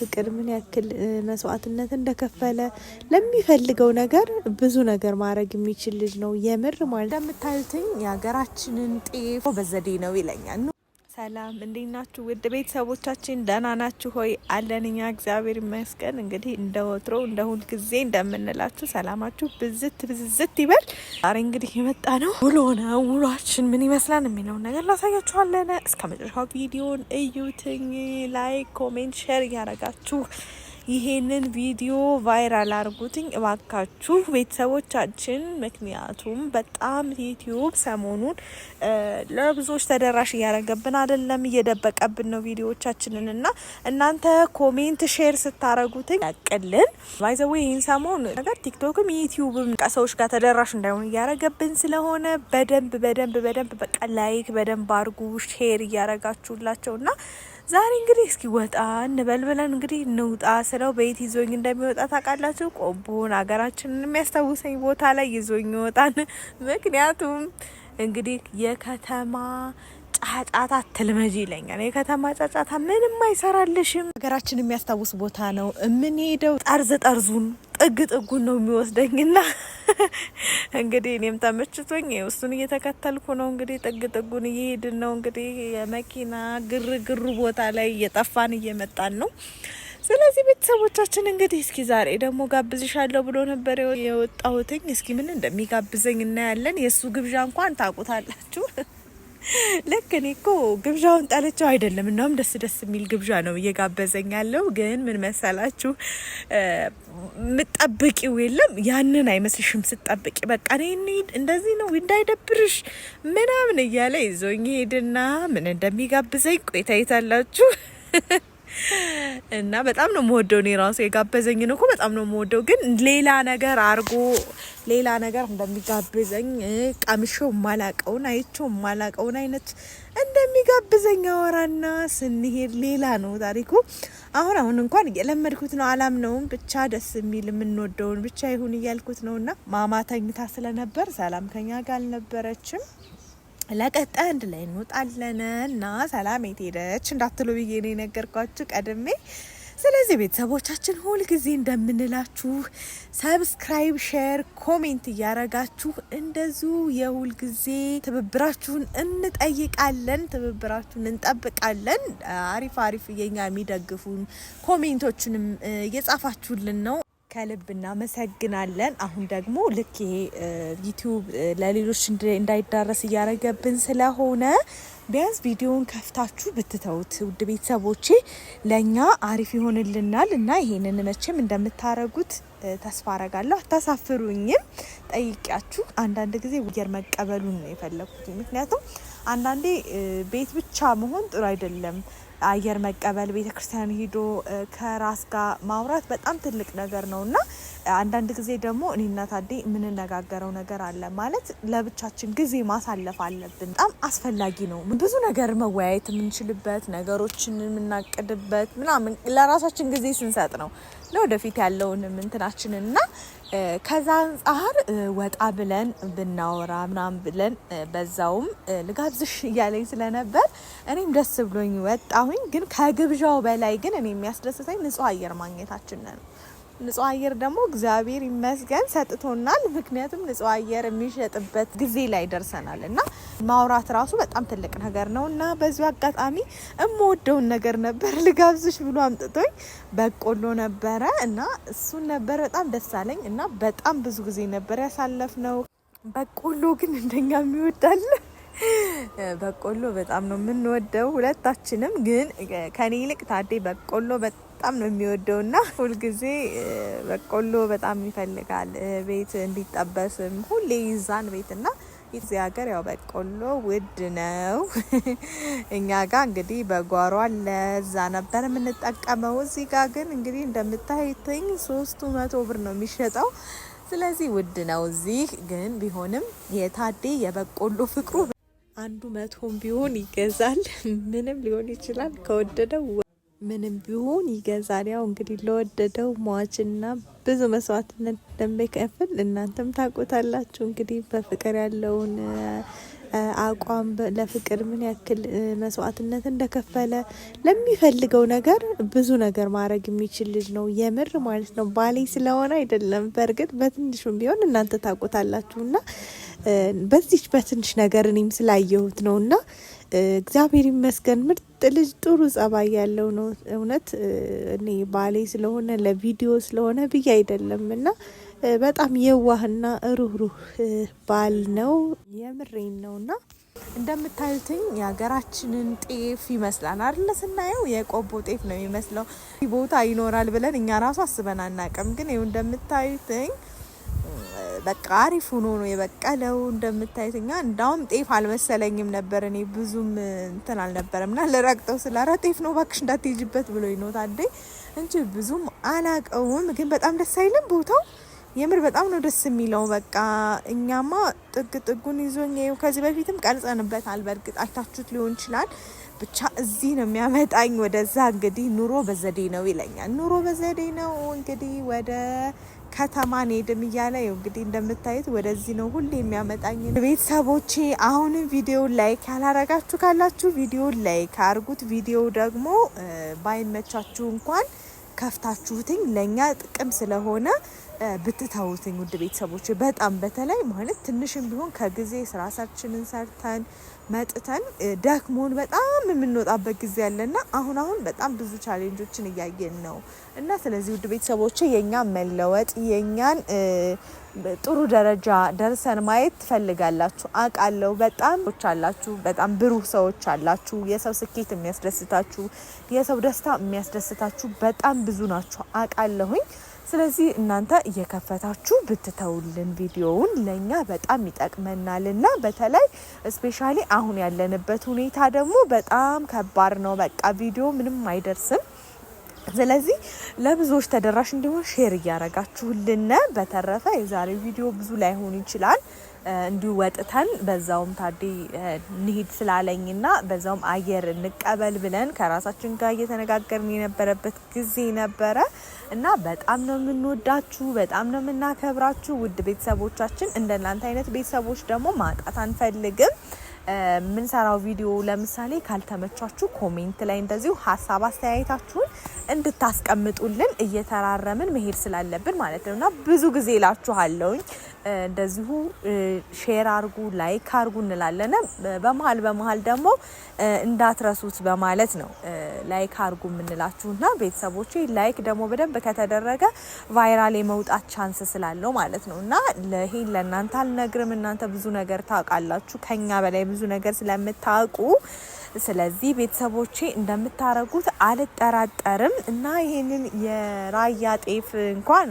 ፍቅር ምን ያክል መስዋዕትነት እንደከፈለ ለሚፈልገው ነገር ብዙ ነገር ማድረግ የሚችል ልጅ ነው። የምር ማለት እንደምታዩትኝ የሀገራችንን ጤፍ በዘዴ ነው ይለኛል። ሰላም እንዴት ናችሁ? ውድ ቤተሰቦቻችን ደህና ናችሁ ሆይ? አለን እኛ እግዚአብሔር ይመስገን። እንግዲህ እንደ ወትሮ እንደ ሁል ጊዜ እንደምንላችሁ ሰላማችሁ ብዝት ብዝዝት ይበል። ዛሬ እንግዲህ የመጣ ነው ውሎ ነው። ውሏችን ምን ይመስላል የሚለውን ነገር ላሳያችኋለን። እስከ መጨረሻው ቪዲዮን እዩትኝ። ላይክ፣ ኮሜንት፣ ሼር እያረጋችሁ ይሄንን ቪዲዮ ቫይራል አርጉትኝ እባካችሁ ቤተሰቦቻችን። ምክንያቱም በጣም ዩቲዩብ ሰሞኑን ለብዙዎች ተደራሽ እያደረገብን አይደለም፣ እየደበቀብን ነው ቪዲዮቻችንን እና እናንተ ኮሜንት ሼር ስታረጉትኝ ያቅልን ባይዘዌ ይህን ሰሞን ነገር ቲክቶክም ዩቲዩብም ሰዎች ጋር ተደራሽ እንዳይሆን እያደረገብን ስለሆነ በደንብ በደንብ በደንብ በቃ ላይክ በደንብ አርጉ ሼር እያረጋችሁላቸው እና ዛሬ እንግዲህ እስኪ ወጣ እንበል ብለን እንግዲህ እንውጣ ስለው በየት ይዞኝ እንደሚወጣ ታውቃላችሁ? ቆቦን ሀገራችንን የሚያስታውሰኝ ቦታ ላይ ይዞኝ ይወጣል። ምክንያቱም እንግዲህ የከተማ ጫጫታ አትልመጂ ይለኛል። የከተማ ጫጫታ ምንም አይሰራልሽም። ሀገራችን የሚያስታውስ ቦታ ነው የምንሄደው። ጠርዝ ጠርዙን ጥግ ጥጉን ነው የሚወስደኝና እንግዲህ እኔም ተመችቶኝ እሱን እየተከተልኩ ነው። እንግዲህ ጥግ ጥጉን እየሄድን ነው። እንግዲህ የመኪና ግርግሩ ቦታ ላይ እየጠፋን እየመጣን ነው። ስለዚህ ቤተሰቦቻችን እንግዲህ እስኪ ዛሬ ደግሞ ጋብዝሻለሁ ብሎ ነበር የወጣሁትኝ። እስኪ ምን እንደሚጋብዘኝ እናያለን። የእሱ ግብዣ እንኳን ታውቁታላችሁ። ልክ እኔ እኮ ግብዣውን ጠልቼው አይደለም። እናም ደስ ደስ የሚል ግብዣ ነው እየጋበዘኝ ያለው። ግን ምን መሰላችሁ ምጠብቂው የለም ያንን አይመስልሽም ስጠብቂ፣ በቃ እኔ እንደዚህ ነው እንዳይደብርሽ ምናምን እያለ ይዞኝ ሄድና ምን እንደሚጋብዘኝ ቆይታ ይታላችሁ። እና በጣም ነው የምወደው። እኔ ራሱ የጋበዘኝን እኮ በጣም ነው የምወደው፣ ግን ሌላ ነገር አርጎ ሌላ ነገር እንደሚጋብዘኝ ቀምሼው ማላቀውን አይቾ ማላቀውን አይነት እንደሚጋብዘኝ አወራና ስንሄድ ሌላ ነው ታሪኩ። አሁን አሁን እንኳን እየለመድኩት ነው። አላም ነውም ብቻ ደስ የሚል የምንወደውን ብቻ ይሁን እያልኩት ነው። እና ማማ ተኝታ ስለነበር ሰላም ከኛ ጋር አልነበረችም። ለቀጣይ አንድ ላይ እንወጣለን እና ሰላም የት ሄደች እንዳትሉ ብዬ ነው የነገርኳችሁ ቀድሜ። ስለዚህ ቤተሰቦቻችን ሁልጊዜ እንደምንላችሁ ሰብስክራይብ፣ ሼር፣ ኮሜንት እያረጋችሁ እንደዚሁ የሁልጊዜ ትብብራችሁን እንጠይቃለን፣ ትብብራችሁን እንጠብቃለን። አሪፍ አሪፍ የኛ የሚደግፉን ኮሜንቶችንም እየጻፋችሁልን ነው። ከልብ እናመሰግናለን። አሁን ደግሞ ልክ ይሄ ዩቲዩብ ለሌሎች እንዳይዳረስ እያደረገብን ስለሆነ ቢያንስ ቪዲዮውን ከፍታችሁ ብትተውት ውድ ቤተሰቦቼ ለእኛ አሪፍ ይሆንልናል እና ይሄንን መቼም እንደምታረጉት ተስፋ አረጋለሁ። አታሳፍሩኝም። ጠይቂያችሁ አንዳንድ ጊዜ ውየር መቀበሉን ነው የፈለኩት። ምክንያቱም አንዳንዴ ቤት ብቻ መሆን ጥሩ አይደለም። አየር መቀበል ቤተክርስቲያን ሂዶ ከራስ ጋር ማውራት በጣም ትልቅ ነገር ነው እና አንዳንድ ጊዜ ደግሞ እኔና ታዴ የምንነጋገረው ነገር አለ። ማለት ለብቻችን ጊዜ ማሳለፍ አለብን፣ በጣም አስፈላጊ ነው። ብዙ ነገር መወያየት የምንችልበት ነገሮችን የምናቅድበት ምናምን ለራሳችን ጊዜ ስንሰጥ ነው ለወደፊት ያለውን ምንትናችን እና ከዛ አንጻር ወጣ ብለን ብናወራ ምናምን ብለን በዛውም ልጋብዝሽ እያለኝ ስለነበር እኔም ደስ ብሎኝ ወጣሁኝ። ግን ከግብዣው በላይ ግን እኔ የሚያስደስተኝ ንጹሕ አየር ማግኘታችን ነው። ንጹህ አየር ደግሞ እግዚአብሔር ይመስገን ሰጥቶናል። ምክንያቱም ንጹህ አየር የሚሸጥበት ጊዜ ላይ ደርሰናል እና ማውራት ራሱ በጣም ትልቅ ነገር ነው እና በዚሁ አጋጣሚ እምወደውን ነገር ነበር ልጋብዝሽ ብሎ አምጥቶኝ በቆሎ ነበረ እና እሱን ነበር በጣም ደስ አለኝ እና በጣም ብዙ ጊዜ ነበር ያሳለፍ ነው። በቆሎ ግን እንደኛ የሚወዳል በቆሎ በጣም ነው የምንወደው ሁለታችንም። ግን ከኔ ይልቅ ታዴ በቆሎ በጣም ነው የሚወደው እና ሁልጊዜ በቆሎ በጣም ይፈልጋል ቤት እንዲጠበስም ሁሌ ይዛን ቤት ና እዚህ ሀገር ያው በቆሎ ውድ ነው። እኛ ጋር እንግዲህ በጓሮ አለ እዛ ነበር የምንጠቀመው። እዚህ ጋር ግን እንግዲህ እንደምታይትኝ ሶስቱ መቶ ብር ነው የሚሸጠው። ስለዚህ ውድ ነው። እዚህ ግን ቢሆንም የታዴ የበቆሎ ፍቅሩ አንዱ መቶም ቢሆን ይገዛል። ምንም ሊሆን ይችላል ከወደደው ምንም ቢሆን ይገዛል። ያው እንግዲህ ለወደደው ሟችና ብዙ መስዋዕትነት እንደሚከፍል እናንተም ታውቁታላችሁ። እንግዲህ በፍቅር ያለውን አቋም ለፍቅር ምን ያክል መስዋዕትነት እንደከፈለ ለሚፈልገው ነገር ብዙ ነገር ማድረግ የሚችል ልጅ ነው። የምር ማለት ነው። ባሌ ስለሆነ አይደለም። በእርግጥ በትንሹም ቢሆን እናንተ ታውቁታላችሁ እና በዚች በትንሽ ነገር እኔም ስላየሁት ነው እና እግዚአብሔር ይመስገን ምርጥ ልጅ ጥሩ ጸባይ ያለው ነው። እውነት እኔ ባሌ ስለሆነ ለቪዲዮ ስለሆነ ብዬ አይደለም እና በጣም የዋህና ሩህሩህ ባል ነው። የምሬን ነው እና እንደምታዩትኝ የሀገራችንን ጤፍ ይመስላል አይደለ? ስናየው የቆቦ ጤፍ ነው የሚመስለው። ቦታ ይኖራል ብለን እኛ ራሱ አስበን አናቅም፣ ግን ይኸው እንደምታዩትኝ በቃ አሪፍ ሆኖ ነው የበቀለው። እንደምታዩት እኛ እንዳውም ጤፍ አልመሰለኝም ነበር እኔ ብዙም እንትን አልነበረም ና ልረግጠው ስላራ ጤፍ ነው ባክሽ እንዳትሄጂበት ብሎ ነው ታዴ እንጂ ብዙም አላቀውም። ግን በጣም ደስ አይልም ቦታው የምር በጣም ነው ደስ የሚለው። በቃ እኛማ ጥግ ጥጉን ይዞኝ ከዚህ በፊትም ቀርጸንበታል። በእርግጥ አይታችሁት ሊሆን ይችላል። ብቻ እዚህ ነው የሚያመጣኝ ወደዛ። እንግዲህ ኑሮ በዘዴ ነው ይለኛል። ኑሮ በዘዴ ነው እንግዲህ ወደ ከተማ ሄድም እያለ ይኸው እንግዲህ እንደምታዩት ወደዚህ ነው ሁሌ የሚያመጣኝ። ቤተሰቦቼ አሁንም ቪዲዮ ላይክ ያላረጋችሁ ካላችሁ ቪዲዮ ላይክ አርጉት። ቪዲዮ ደግሞ ባይመቻችሁ እንኳን ከፍታችሁትኝ ለእኛ ጥቅም ስለሆነ ብትተውትኝ ውድ ቤተሰቦች በጣም በተለይ ማለት ትንሽም ቢሆን ከጊዜ ስራ ሰርችንን ሰርተን መጥተን ደክሞን በጣም የምንወጣበት ጊዜ ያለና አሁን አሁን በጣም ብዙ ቻሌንጆችን እያየን ነው እና ስለዚህ ውድ ቤተሰቦች የእኛን መለወጥ የእኛን ጥሩ ደረጃ ደርሰን ማየት ትፈልጋላችሁ አውቃለሁ። በጣም ች አላችሁ በጣም ብሩህ ሰዎች አላችሁ። የሰው ስኬት የሚያስደስታችሁ፣ የሰው ደስታ የሚያስደስታችሁ በጣም ብዙ ናችሁ አውቃለሁኝ። ስለዚህ እናንተ እየከፈታችሁ ብትተውልን ቪዲዮውን ለእኛ በጣም ይጠቅመናል እና በተለይ እስፔሻሊ አሁን ያለንበት ሁኔታ ደግሞ በጣም ከባድ ነው። በቃ ቪዲዮ ምንም አይደርስም። ስለዚህ ለብዙዎች ተደራሽ እንዲሆን ሼር እያረጋችሁልን። በተረፈ የዛሬ ቪዲዮ ብዙ ላይሆን ይችላል እንዲሁ ወጥተን በዛውም ታዴ እንሂድ ስላለኝና በዛውም አየር እንቀበል ብለን ከራሳችን ጋር እየተነጋገርን የነበረበት ጊዜ ነበረ እና በጣም ነው የምንወዳችሁ፣ በጣም ነው የምናከብራችሁ ውድ ቤተሰቦቻችን። እንደናንተ አይነት ቤተሰቦች ደግሞ ማጣት አንፈልግም። የምንሰራው ቪዲዮ ለምሳሌ ካልተመቻችሁ ኮሜንት ላይ እንደዚሁ ሀሳብ አስተያየታችሁን እንድታስቀምጡልን እየተራረምን መሄድ ስላለብን ማለት ነው እና ብዙ ጊዜ ላችኋለውኝ እንደዚሁ ሼር አርጉ፣ ላይክ አርጉ እንላለን። በመሀል በመሀል ደግሞ እንዳትረሱት በማለት ነው ላይክ አርጉ የምንላችሁና ቤተሰቦች ላይክ ደግሞ በደንብ ከተደረገ ቫይራል የመውጣት ቻንስ ስላለው ማለት ነው እና ይሄን ለእናንተ አልነግርም። እናንተ ብዙ ነገር ታውቃላችሁ ከኛ በላይ ብዙ ነገር ስለምታውቁ ስለዚህ ቤተሰቦቼ እንደምታረጉት አልጠራጠርም እና ይህንን የራያ ጤፍ እንኳን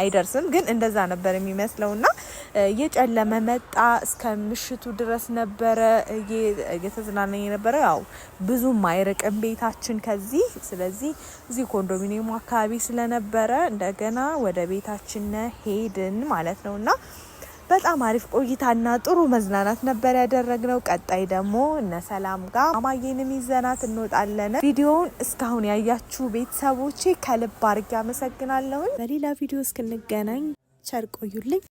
አይደርስም፣ ግን እንደዛ ነበር የሚመስለውና እየጨለመ መጣ። እስከ ምሽቱ ድረስ ነበረ እየተዝናናኝ ነበረ። ያው ብዙም አይርቅም ቤታችን ከዚህ ስለዚህ እዚህ ኮንዶሚኒየሙ አካባቢ ስለነበረ እንደገና ወደ ቤታችን ሄድን ማለት ነውና በጣም አሪፍ ቆይታና ጥሩ መዝናናት ነበር ያደረግነው። ቀጣይ ደግሞ እነ ሰላም ጋር አማዬንም ይዘናት እንወጣለን። ቪዲዮውን እስካሁን ያያችሁ ቤተሰቦቼ ከልብ አድርጌ አመሰግናለሁኝ። በሌላ ቪዲዮ እስክንገናኝ ቸር ቆዩልኝ።